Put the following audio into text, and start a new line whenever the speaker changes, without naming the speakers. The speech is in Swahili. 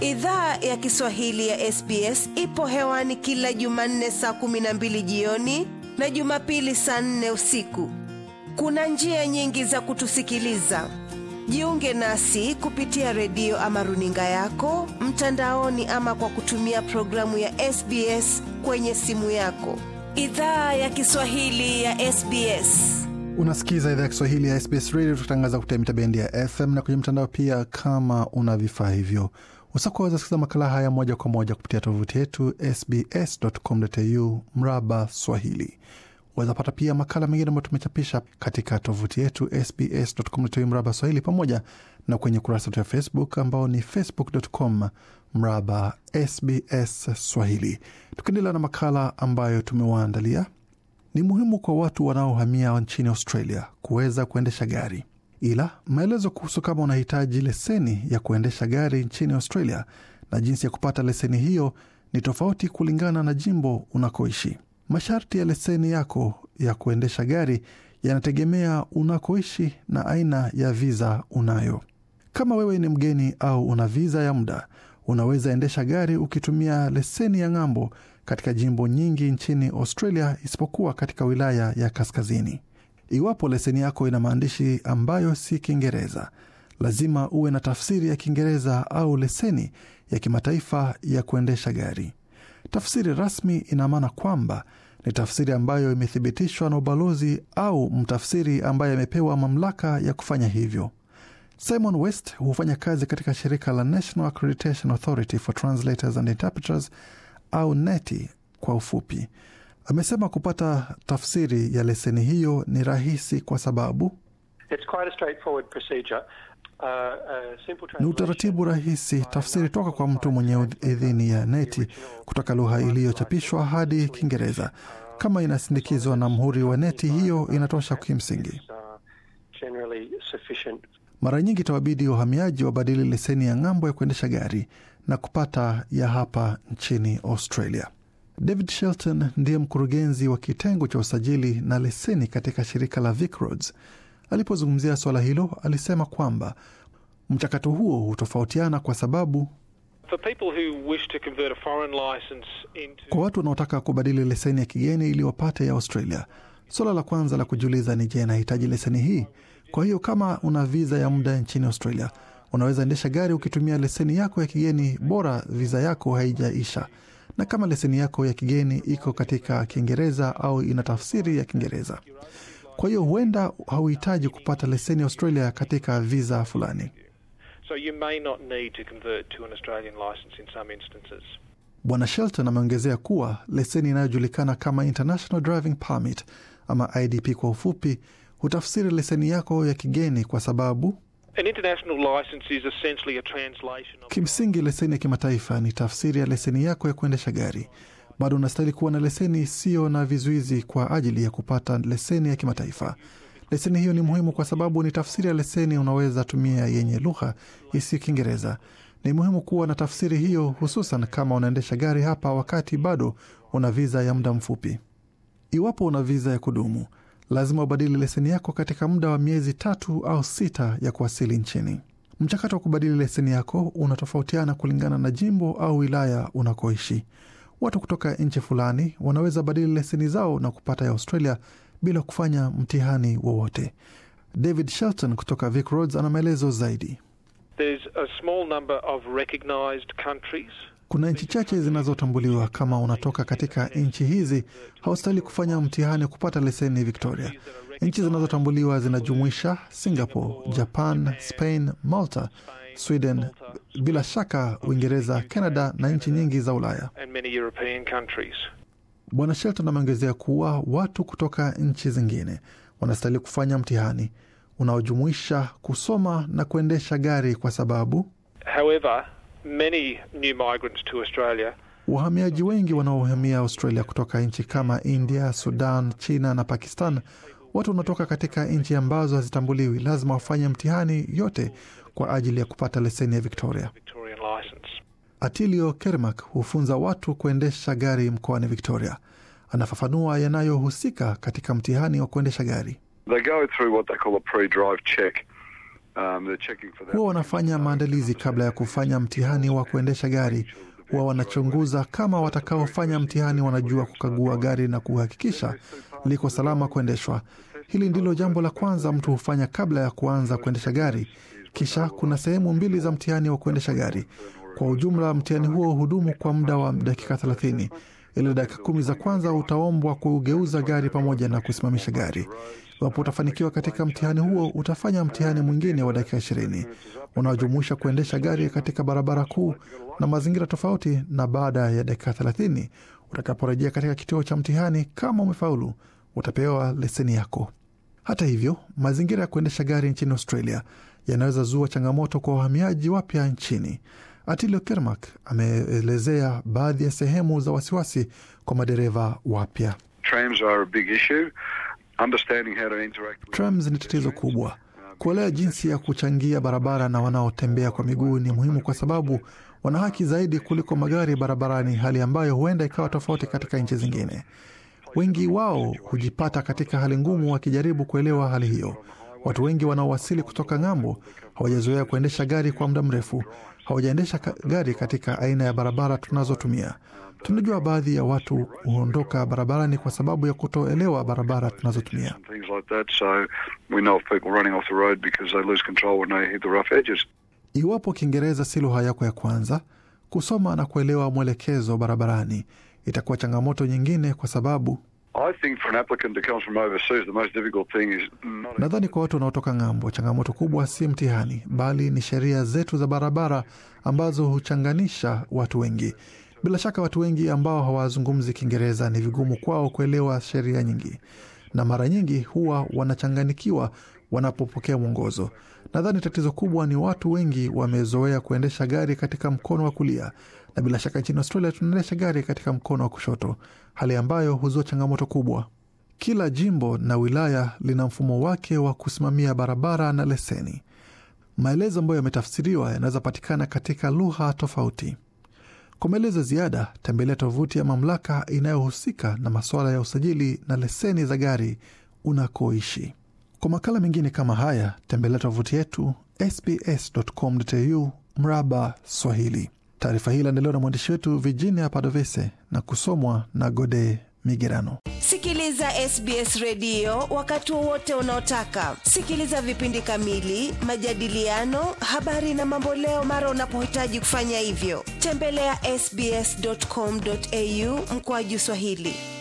Idhaa ya Kiswahili ya SBS ipo hewani kila Jumanne saa kumi na mbili jioni na Jumapili saa nne usiku. Kuna njia nyingi za kutusikiliza. Jiunge nasi kupitia redio ama runinga yako mtandaoni, ama kwa kutumia programu ya SBS kwenye simu yako. Idhaa ya Kiswahili ya SBS. Unasikiza idhaa ya Kiswahili ya SBS Radio, tukitangaza kupitia mita bendi ya FM na kwenye mtandao pia. Kama una vifaa hivyo Usakoweza kusikiza makala haya moja kwa moja kupitia tovuti yetu sbs.com.au mraba Swahili. Wazapata pia makala mengine ambayo tumechapisha katika tovuti yetu sbs.com.au mraba Swahili, pamoja na kwenye kurasa wetu ya Facebook ambao ni facebook.com mraba SBS Swahili. Tukiendelea na makala ambayo tumewaandalia, ni muhimu kwa watu wanaohamia nchini Australia kuweza kuendesha gari ila maelezo kuhusu kama unahitaji leseni ya kuendesha gari nchini Australia na jinsi ya kupata leseni hiyo ni tofauti kulingana na jimbo unakoishi. Masharti ya leseni yako ya kuendesha gari yanategemea unakoishi na aina ya viza unayo. Kama wewe ni mgeni au una viza ya muda, unaweza endesha gari ukitumia leseni ya ng'ambo katika jimbo nyingi nchini Australia isipokuwa katika wilaya ya kaskazini. Iwapo leseni yako ina maandishi ambayo si Kiingereza, lazima uwe na tafsiri ya Kiingereza au leseni ya kimataifa ya kuendesha gari. Tafsiri rasmi ina maana kwamba ni tafsiri ambayo imethibitishwa na ubalozi au mtafsiri ambaye amepewa mamlaka ya kufanya hivyo. Simon West hufanya kazi katika shirika la National Accreditation Authority for Translators and Interpreters au NETI kwa ufupi. Amesema kupata tafsiri ya leseni hiyo ni rahisi kwa sababu uh, uh, ni utaratibu rahisi. Tafsiri toka kwa mtu mwenye idhini ya neti kutoka lugha iliyochapishwa hadi Kiingereza, kama inasindikizwa na mhuri wa neti hiyo, inatosha kimsingi. Uh, Mara nyingi itawabidi wahamiaji wabadili leseni ya ng'ambo ya kuendesha gari na kupata ya hapa nchini Australia. David Shelton ndiye mkurugenzi wa kitengo cha usajili na leseni katika shirika la VicRoads. Alipozungumzia suala hilo, alisema kwamba mchakato huo hutofautiana kwa sababu into... kwa watu wanaotaka kubadili leseni ya kigeni ili wapate ya Australia, suala la kwanza la kujiuliza ni je, inahitaji leseni hii? Kwa hiyo kama una viza ya muda nchini Australia, unaweza endesha gari ukitumia leseni yako ya kigeni, bora viza yako haijaisha na kama leseni yako ya kigeni iko katika Kiingereza au ina tafsiri ya Kiingereza. Kwa hiyo huenda hauhitaji kupata leseni ya Australia katika visa fulani. Bwana Shelton ameongezea kuwa leseni inayojulikana kama International Driving Permit ama IDP kwa ufupi, hutafsiri leseni yako ya kigeni kwa sababu Kimsingi, leseni ya kimataifa ni tafsiri ya leseni yako ya kuendesha gari. Bado unastahili kuwa na leseni isiyo na vizuizi kwa ajili ya kupata leseni ya kimataifa. Leseni hiyo ni muhimu kwa sababu ni tafsiri ya leseni unaweza tumia yenye lugha isiyo Kiingereza. Ni muhimu kuwa na tafsiri hiyo, hususan kama unaendesha gari hapa wakati bado una viza ya muda mfupi. Iwapo una viza ya kudumu lazima ubadili leseni yako katika muda wa miezi tatu au sita ya kuwasili nchini. Mchakato wa kubadili leseni yako unatofautiana kulingana na jimbo au wilaya unakoishi. Watu kutoka nchi fulani wanaweza badili leseni zao na kupata ya Australia bila kufanya mtihani wowote. David Shelton kutoka Vic Roads ana maelezo zaidi. There's a small number of recognized countries kuna nchi chache zinazotambuliwa. Kama unatoka katika nchi hizi, haustahili kufanya mtihani kupata leseni Victoria. Nchi zinazotambuliwa zinajumuisha Singapore, Japan, Spain, Malta, Sweden, bila shaka Uingereza, Canada na nchi nyingi za Ulaya. Bwana Shelton ameongezea kuwa watu kutoka nchi zingine wanastahili kufanya mtihani unaojumuisha kusoma na kuendesha gari kwa sababu However, many new migrants to Australia. Wahamiaji wengi wanaohamia Australia kutoka nchi kama India, Sudan, China na Pakistan watu wanatoka katika nchi ambazo hazitambuliwi, lazima wafanye mtihani yote kwa ajili ya kupata leseni ya Victoria. Atilio Kermak hufunza watu kuendesha gari mkoani Victoria. Anafafanua yanayohusika katika mtihani wa kuendesha gari. They go through what they call a pre-drive check. Um, huwa wanafanya maandalizi kabla ya kufanya mtihani wa kuendesha gari. Huwa wanachunguza kama watakaofanya mtihani wanajua kukagua gari na kuhakikisha liko salama kuendeshwa. Hili ndilo jambo la kwanza mtu hufanya kabla ya kuanza kuendesha gari. Kisha kuna sehemu mbili za mtihani wa kuendesha gari. Kwa ujumla, mtihani huo hudumu kwa muda wa dakika thelathini ili dakika kumi za kwanza utaombwa kugeuza gari pamoja na kusimamisha gari. Iwapo utafanikiwa katika mtihani huo, utafanya mtihani mwingine wa dakika ishirini unaojumuisha kuendesha gari katika barabara kuu na mazingira tofauti, na baada ya dakika thelathini utakaporejea katika kituo cha mtihani, kama umefaulu, utapewa leseni yako. Hata hivyo, mazingira ya kuendesha gari nchini Australia yanaweza zua changamoto kwa wahamiaji wapya nchini. Atilio Kermak ameelezea baadhi ya sehemu za wasiwasi kwa madereva wapya. Trams ni tatizo kubwa. Kuelewa jinsi ya kuchangia barabara na wanaotembea kwa miguu ni muhimu, kwa sababu wana haki zaidi kuliko magari barabarani, hali ambayo huenda ikawa tofauti katika nchi zingine. Wengi wao hujipata katika hali ngumu wakijaribu kuelewa hali hiyo. Watu wengi wanaowasili kutoka ng'ambo hawajazoea kuendesha gari kwa muda mrefu, hawajaendesha gari katika aina ya barabara tunazotumia. Tunajua baadhi ya watu huondoka barabarani kwa sababu ya kutoelewa barabara tunazotumia. Iwapo Kiingereza si lugha yako ya kwanza, kusoma na kuelewa mwelekezo barabarani itakuwa changamoto nyingine, kwa sababu Nadhani kwa watu wanaotoka ng'ambo, changamoto kubwa si mtihani, bali ni sheria zetu za barabara ambazo huchanganisha watu wengi. Bila shaka, watu wengi ambao hawazungumzi Kiingereza ni vigumu kwao kuelewa sheria nyingi, na mara nyingi huwa wanachanganikiwa wanapopokea mwongozo. Nadhani tatizo kubwa ni watu wengi wamezoea kuendesha gari katika mkono wa kulia, na bila shaka nchini Australia tunaendesha gari katika mkono wa kushoto, hali ambayo huzua changamoto kubwa. Kila jimbo na wilaya lina mfumo wake wa kusimamia barabara na leseni. Maelezo ambayo yametafsiriwa yanaweza patikana katika lugha tofauti. Kwa maelezo ziada, tembelea tovuti ya mamlaka inayohusika na masuala ya usajili na leseni za gari unakoishi. Kwa makala mengine kama haya tembelea tovuti yetu sbs.com.au mraba Swahili. Taarifa hii iliandaliwa na mwandishi wetu Virginia Padovese na kusomwa na Gode Migerano. Sikiliza SBS redio wakati wowote unaotaka. Sikiliza vipindi kamili, majadiliano, habari na mamboleo mara unapohitaji kufanya hivyo. Tembelea sbs.com.au mkoaju Swahili.